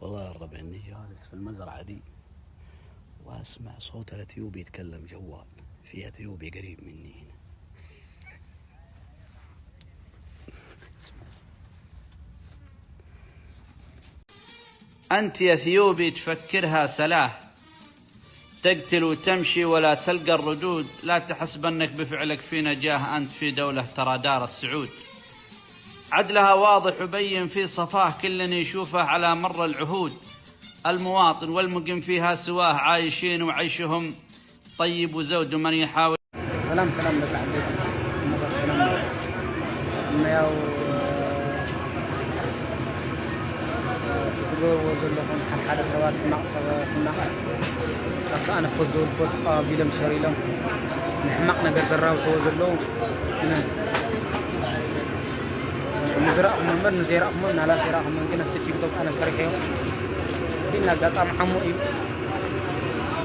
والله يا الربع اني جالس في المزرعة دي واسمع صوت الاثيوبي يتكلم جوال في اثيوبي قريب مني هنا أنت يا اثيوبي تفكرها سلاه تقتل وتمشي ولا تلقى الردود لا تحسبنك بفعلك فينا جاه أنت في دولة ترى دار السعود عدلها واضح وبين في صفاه كل يشوفه على مر العهود المواطن والمقيم فيها سواه عايشين وعيشهم طيب وزود ومن يحاول سلام سلام لك الله آه، لهم حل حدا الله ناقصة ناقص أخ أنا خذوا البطاقة بلا الله لهم نحمقنا قزرة الله لهم ንዝረእኹሞ እምበር ንዘይረእኹሞ ናላሰይረእኹሞን ግን ኣብቲ ቲክቶክ ኣነ ሰሪሐዮ ግን ኣጋጣሚ ዓሞ እዩ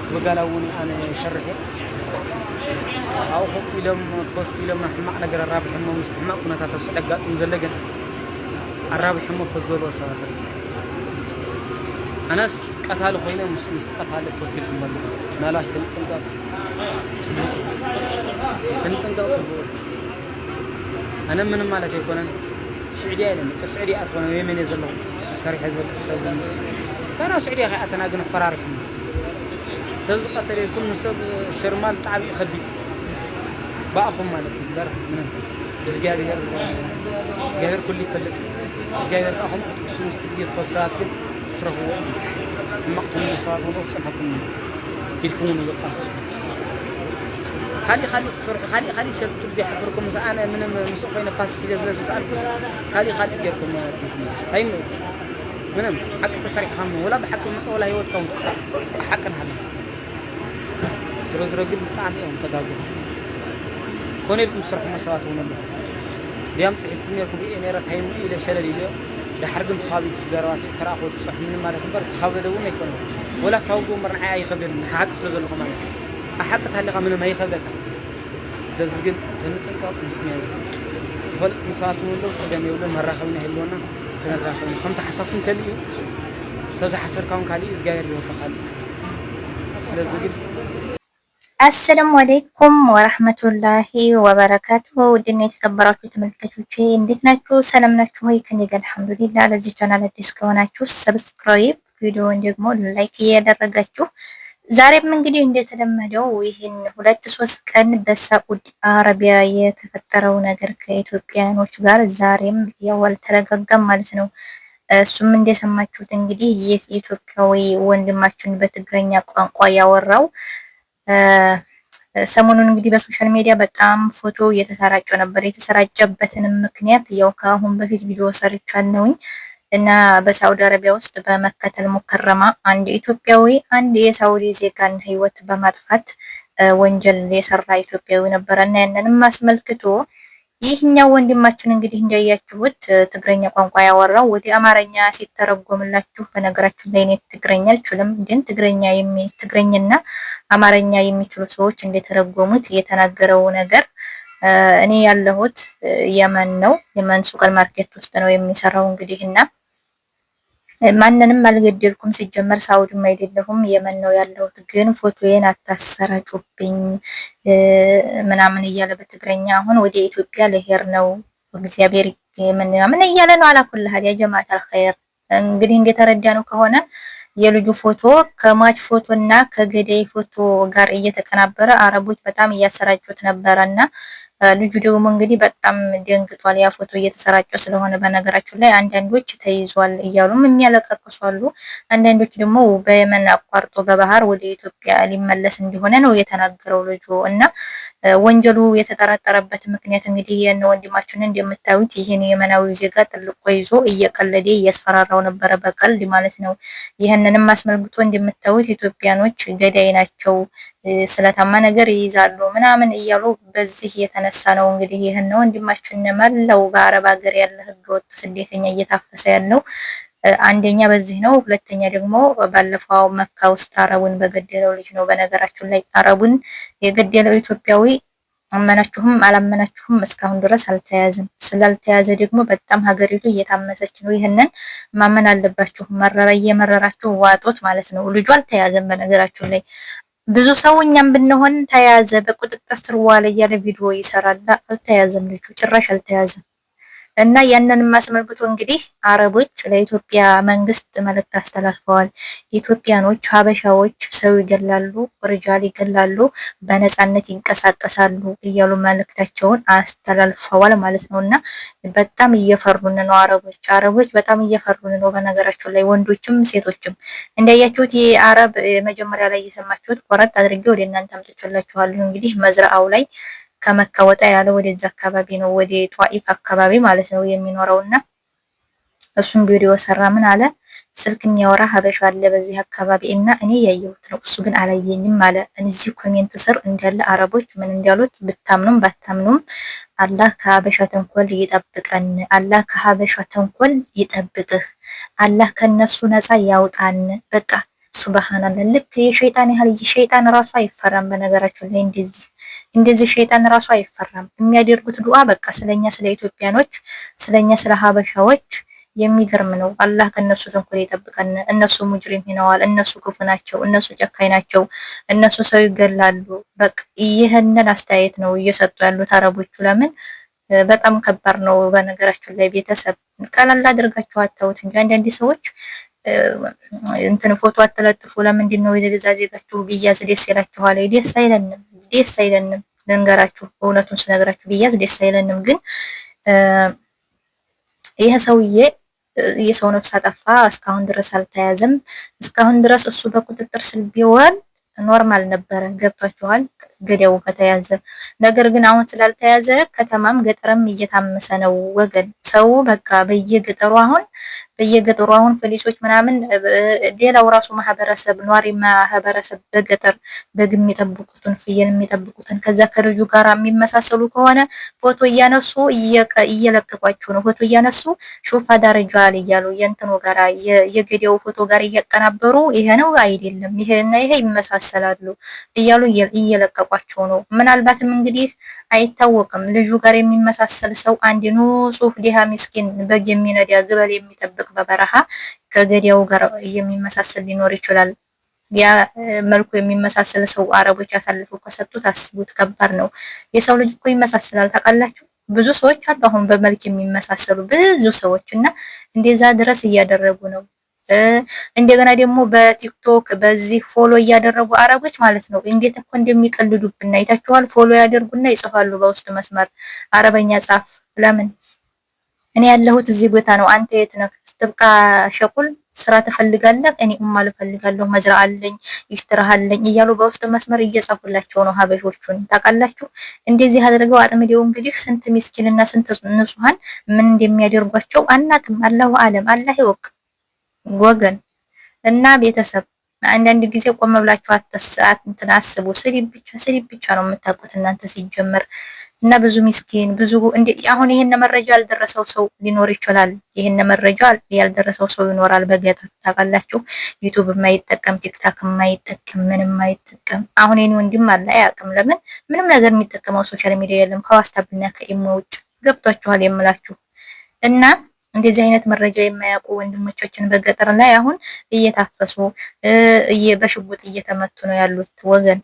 ትበጋላ እውን ኣነ ሸርሐ ኣብኡ ከምኡ ኢሎም ፖስት ኢሎም ናብ ሕማቕ ነገር ኣራብሕሞ ምስ ሕማቕ ኩነታት ኣብ ስዕ ኣጋጥሙ ዘሎ ግን ኣራብሕሞ ፖስት ዘለዎ ሰባት ኣነስ ቀታሊ ኮይነ ምስ ምስ ቀታሊ ፖስት ኢልኩም ዘለኹ ናላሽ ተንጥንቀቕ ፅቡቕ ተንጥንቀቕ ፅቡቕ ኣነ ምንም ማለት ኣይኮነን سعودية لما يعني، السعودية أتقن اليمن يزلون سري حزب السودان فأنا سعودية أتناقن فراركم سبز قتل يكون سب شرمال طعبي خبي بأخو مالك در من زجاجر جاهر كل فلك زجاجر أخو تكسر استبدي خسارات كل ترهو مقتول صار وضع سحكم يكون لقاء خلي خلي سرعة خلي خلي شرط تبدي حفركم أنا من مسوق بين فاس كذا زلت سألك خلي خلي يركم هاي طيب. مو منهم حق تسرع هم ولا بحق مثلا ولا هي وتقوم حق هم زر زر تعب يوم تقابل كوني بكم سرعة ما سوات ونم بيام سعيد كم يركم إيه نيرة هاي مو إلى شلل إلى لحرق مخابي تزار واسع ترى خود صح من ما لكم بر تخابي دوم يكون ولا كوجو مرعي خبر حق سر زر قمان أحقق تعلق منهم هي خلدك سلسل قد تنتقى في الحمية فلق مساعدة من الله وصدام يقول لهم الراخبين هلونا كنا الراخبين خمت حسابكم كالي سلسل حسر كون كالي إزقاير يوفا خالي سلسل قد السلام عليكم ورحمة الله وبركاته ودني تكبرت وتملكت وشي انديتنا شو سلامنا شو هيك نيجا الحمد لله على زي قناة ديسكونا سبسكرايب فيديو انديكمو لايك يا درجات ዛሬም እንግዲህ እንደተለመደው ይህን ሁለት ሶስት ቀን በሳዑዲ አረቢያ የተፈጠረው ነገር ከኢትዮጵያኖች ጋር ዛሬም ያው አልተረጋጋም ማለት ነው። እሱም እንደሰማችሁት እንግዲህ ይህ ኢትዮጵያዊ ወንድማችን በትግረኛ ቋንቋ ያወራው ሰሞኑን እንግዲህ በሶሻል ሚዲያ በጣም ፎቶ እየተሰራጨ ነበር። የተሰራጨበትንም ምክንያት ያው ከአሁን በፊት ቪዲዮ ሰርቻለሁኝ። እና በሳውዲ አረቢያ ውስጥ በመከተል ሙከረማ አንድ ኢትዮጵያዊ አንድ የሳውዲ ዜጋን ህይወት በማጥፋት ወንጀል የሰራ ኢትዮጵያዊ ነበረ እና ያንንም አስመልክቶ ይህኛው ወንድማችን እንግዲህ እንዳያችሁት ትግረኛ ቋንቋ ያወራው ወደ አማርኛ ሲተረጎምላችሁ፣ በነገራችን ላይ እኔ ትግረኛ አልችልም፣ ግን ትግረኛ ትግረኛና አማርኛ የሚችሉ ሰዎች እንደተረጎሙት የተናገረው ነገር እኔ ያለሁት የመን ነው። የመን ሱቀር ማርኬት ውስጥ ነው የሚሰራው እንግዲህ እና ማንንም አልገደልኩም። ሲጀመር ሳውድም አይደለሁም የመን ነው ያለሁት፣ ግን ፎቶዬን አታሰራጩብኝ ምናምን እያለ በትግረኛ አሁን ወደ ኢትዮጵያ ልሄድ ነው እግዚአብሔር ምን እያለ ነው አላኩልሃል። ያ ጀማዓት አልኸይር እንግዲህ እንደተረዳ ነው ከሆነ የልጁ ፎቶ ከማች ፎቶ እና ከገዳይ ፎቶ ጋር እየተቀናበረ አረቦች በጣም እያሰራጩት ነበረ እና ልጁ ደግሞ እንግዲህ በጣም ደንግጧል። ያ ፎቶ እየተሰራጨ ስለሆነ በነገራችን ላይ አንዳንዶች ተይዟል እያሉም የሚያለቀቅሷሉ። አንዳንዶች ደግሞ በየመን አቋርጦ በባህር ወደ ኢትዮጵያ ሊመለስ እንደሆነ ነው የተናገረው ልጁ እና ወንጀሉ የተጠረጠረበት ምክንያት እንግዲህ ይህን ወንድማችን እንደምታዩት ይህን የመናዊ ዜጋ ጥልቆ ይዞ እየቀለደ እያስፈራራው ነበረ፣ በቀልድ ማለት ነው ይህን ያንንም አስመልክቶ እንደምታዩት ኢትዮጵያኖች ገዳይ ናቸው፣ ስለታማ ነገር ይይዛሉ ምናምን እያሉ በዚህ የተነሳ ነው እንግዲህ ይህን ነው ወንድማችን መላው በአረብ ሀገር ያለ ህገወጥ ስደተኛ እየታፈሰ ያለው አንደኛ በዚህ ነው። ሁለተኛ ደግሞ ባለፈው መካ ውስጥ አረቡን በገደለው ልጅ ነው። በነገራችን ላይ አረቡን የገደለው ኢትዮጵያዊ አመናችሁም አላመናችሁም እስካሁን ድረስ አልተያዘም። ስላልተያዘ ደግሞ በጣም ሀገሪቱ እየታመሰች ነው። ይህንን ማመን አለባችሁ። መረራ እየመረራችሁ ዋጦት ማለት ነው። ልጁ አልተያዘም። በነገራችሁ ላይ ብዙ ሰው እኛም ብንሆን ተያዘ በቁጥጥር ስር ዋለ እያለ ቪዲዮ ይሰራል። አልተያዘም። ልጁ ጭራሽ አልተያዘም። እና ያንን አስመልክቶ እንግዲህ አረቦች ለኢትዮጵያ መንግስት መልእክት አስተላልፈዋል። ኢትዮጵያኖች፣ ሀበሻዎች ሰው ይገላሉ፣ ርጃል ይገላሉ፣ በነጻነት ይንቀሳቀሳሉ እያሉ መልእክታቸውን አስተላልፈዋል ማለት ነው። እና በጣም እየፈሩን ነው አረቦች አረቦች በጣም እየፈሩን ነው። በነገራቸው ላይ ወንዶችም ሴቶችም እንዳያችሁት የአረብ መጀመሪያ ላይ እየሰማችሁት ቆረጥ አድርጌ ወደ እናንተ አምጥቼላችኋለሁ። እንግዲህ መዝረአው ላይ ከመካ ወጣ ያለ ወደዛ አካባቢ ነው፣ ወደ ጧኢፍ አካባቢ ማለት ነው የሚኖረው እና እሱም ቪዲዮ ሰራ። ምን አለ ስልክ የሚያወራ ሀበሻ አለ በዚህ አካባቢ እና እኔ ያየሁት ነው፣ እሱ ግን አላየኝም አለ። እዚህ ኮሜንት ስር እንዳለ አረቦች ምን እንዳሉት ብታምኑም ባታምኑም አላህ ከሀበሻ ተንኮል ይጠብቀን፣ አላህ ከሀበሻ ተንኮል ይጠብቅህ፣ አላህ ከነሱ ነፃ ያውጣን። በቃ ሱብሃናላ ልክ የሸይጣን ያህል ሸይጣን ራሱ አይፈራም። በነገራችን ላይ እንደዚህ እንደዚህ ሸይጣን ራሱ አይፈራም። የሚያደርጉት ዱዓ በቃ ስለኛ ስለ ኢትዮጵያኖች ስለኛ ስለ ሀበሻዎች የሚገርም ነው። አላህ ከነሱ ተንኮል ይጠብቀን። እነሱ ሙጅሪም ሆነዋል። እነሱ ክፉ ናቸው። እነሱ ጨካኝ ናቸው። እነሱ ሰው ይገላሉ። በቃ ይህንን አስተያየት ነው እየሰጡ ያሉት አረቦቹ። ለምን በጣም ከባድ ነው። በነገራችን ላይ ቤተሰብ ቀላል አድርጋችሁ አታውት እንጂ አንዳንድ ሰዎች እንትን ፎቶ አትለጥፉ፣ ለምንድን ነው የገዛ ዜጋችሁ ቢያዝ ደስ ይላችኋል? ደስ አይለንም፣ ደስ አይለንም። ልንገራችሁ፣ እውነቱን ስነግራችሁ ቢያዝ ደስ አይለንም። ግን ይህ ሰውዬ የሰው ነፍስ አጠፋ፣ እስካሁን ድረስ አልተያዘም። እስካሁን ድረስ እሱ በቁጥጥር ስር ቢውል ኖርማል ነበረ። ገብቷችኋል? ገዳው ከተያዘ ነገር ግን አሁን ስላልተያዘ ከተማም ገጠርም እየታመሰ ነው ወገን። ሰው በቃ በየገጠሩ አሁን በየገጠሩ አሁን ፖሊሶች ምናምን፣ ሌላው ራሱ ማህበረሰብ ኗሪ ማህበረሰብ በገጠር በግ የሚጠብቁትን ፍየል የሚጠብቁትን ከዛ ከልጁ ጋር የሚመሳሰሉ ከሆነ ፎቶ እያነሱ እየለቀቋችሁ ነው። ፎቶ እያነሱ ሹፋ ዳረጃ አለ እያሉ የእንትኑ ጋራ የገዳው ፎቶ ጋር እያቀናበሩ ይሄ ነው አይደለም ይሄና ይሄ ይመሳሰል ይመሰላሉ እያሉ እየለቀቋቸው ነው። ምናልባትም እንግዲህ አይታወቅም። ልጁ ጋር የሚመሳሰል ሰው አንድ ንጹህ ድሃ ምስኪን በግ የሚነዳ ግበል የሚጠብቅ በበረሃ ከገዳው ጋር የሚመሳሰል ሊኖር ይችላል። ያ መልኩ የሚመሳሰል ሰው አረቦች አሳልፈው ከሰጡት አስቡት፣ ከባድ ነው። የሰው ልጅ እኮ ይመሳሰላል ታውቃላችሁ። ብዙ ሰዎች አሉ አሁን በመልክ የሚመሳሰሉ ብዙ ሰዎች እና እንደዛ ድረስ እያደረጉ ነው። እንደገና ደግሞ በቲክቶክ በዚህ ፎሎ እያደረጉ አረቦች ማለት ነው እንዴት እኮ እንደሚቀልዱብን አይታችኋል። ፎሎ ያደርጉና ይጽፋሉ በውስጥ መስመር አረበኛ ጻፍ። ለምን እኔ ያለሁት እዚህ ቦታ ነው፣ አንተ የት ነህ? ስትብቃ ሸቁል ስራ ትፈልጋለህ? እኔ እማል ፈልጋለሁ፣ መዝራ አለኝ፣ ይሽትራህ አለኝ እያሉ በውስጥ መስመር እየጻፉላቸው ነው ሀበሾቹን። ታውቃላችሁ፣ እንደዚህ አድርገው አጥምደው እንግዲህ ስንት ሚስኪንና ስንት ንጹሃን ምን እንደሚያደርጓቸው አናውቅም። አላሁ አለም፣ አላህ ይወቅ። ወገን እና ቤተሰብ አንዳንድ ጊዜ ቆመ ብላችሁ እንትን አስቡ። ስድብ ብቻ ስድብ ብቻ ነው የምታውቁት እናንተ ሲጀመር እና ብዙ ሚስኪን ብዙ አሁን ይሄን መረጃ ያልደረሰው ሰው ሊኖር ይችላል። ይሄን መረጃ ያልደረሰው ሰው ይኖራል በገጠር ታውቃላችሁ። ዩቱብ የማይጠቀም ቲክታክ የማይጠቀም ምንም የማይጠቀም አሁን ይሄን ወንድም አለ አያውቅም። ለምን ምንም ነገር የሚጠቀመው ሶሻል ሚዲያ የለም ከዋስታብና ከኢሞ ውጭ ገብቷችኋል የምላችሁ እና እንደዚህ አይነት መረጃ የማያውቁ ወንድሞቻችን በገጠር ላይ አሁን እየታፈሱ በሽጉጥ እየተመቱ ነው ያሉት ወገን።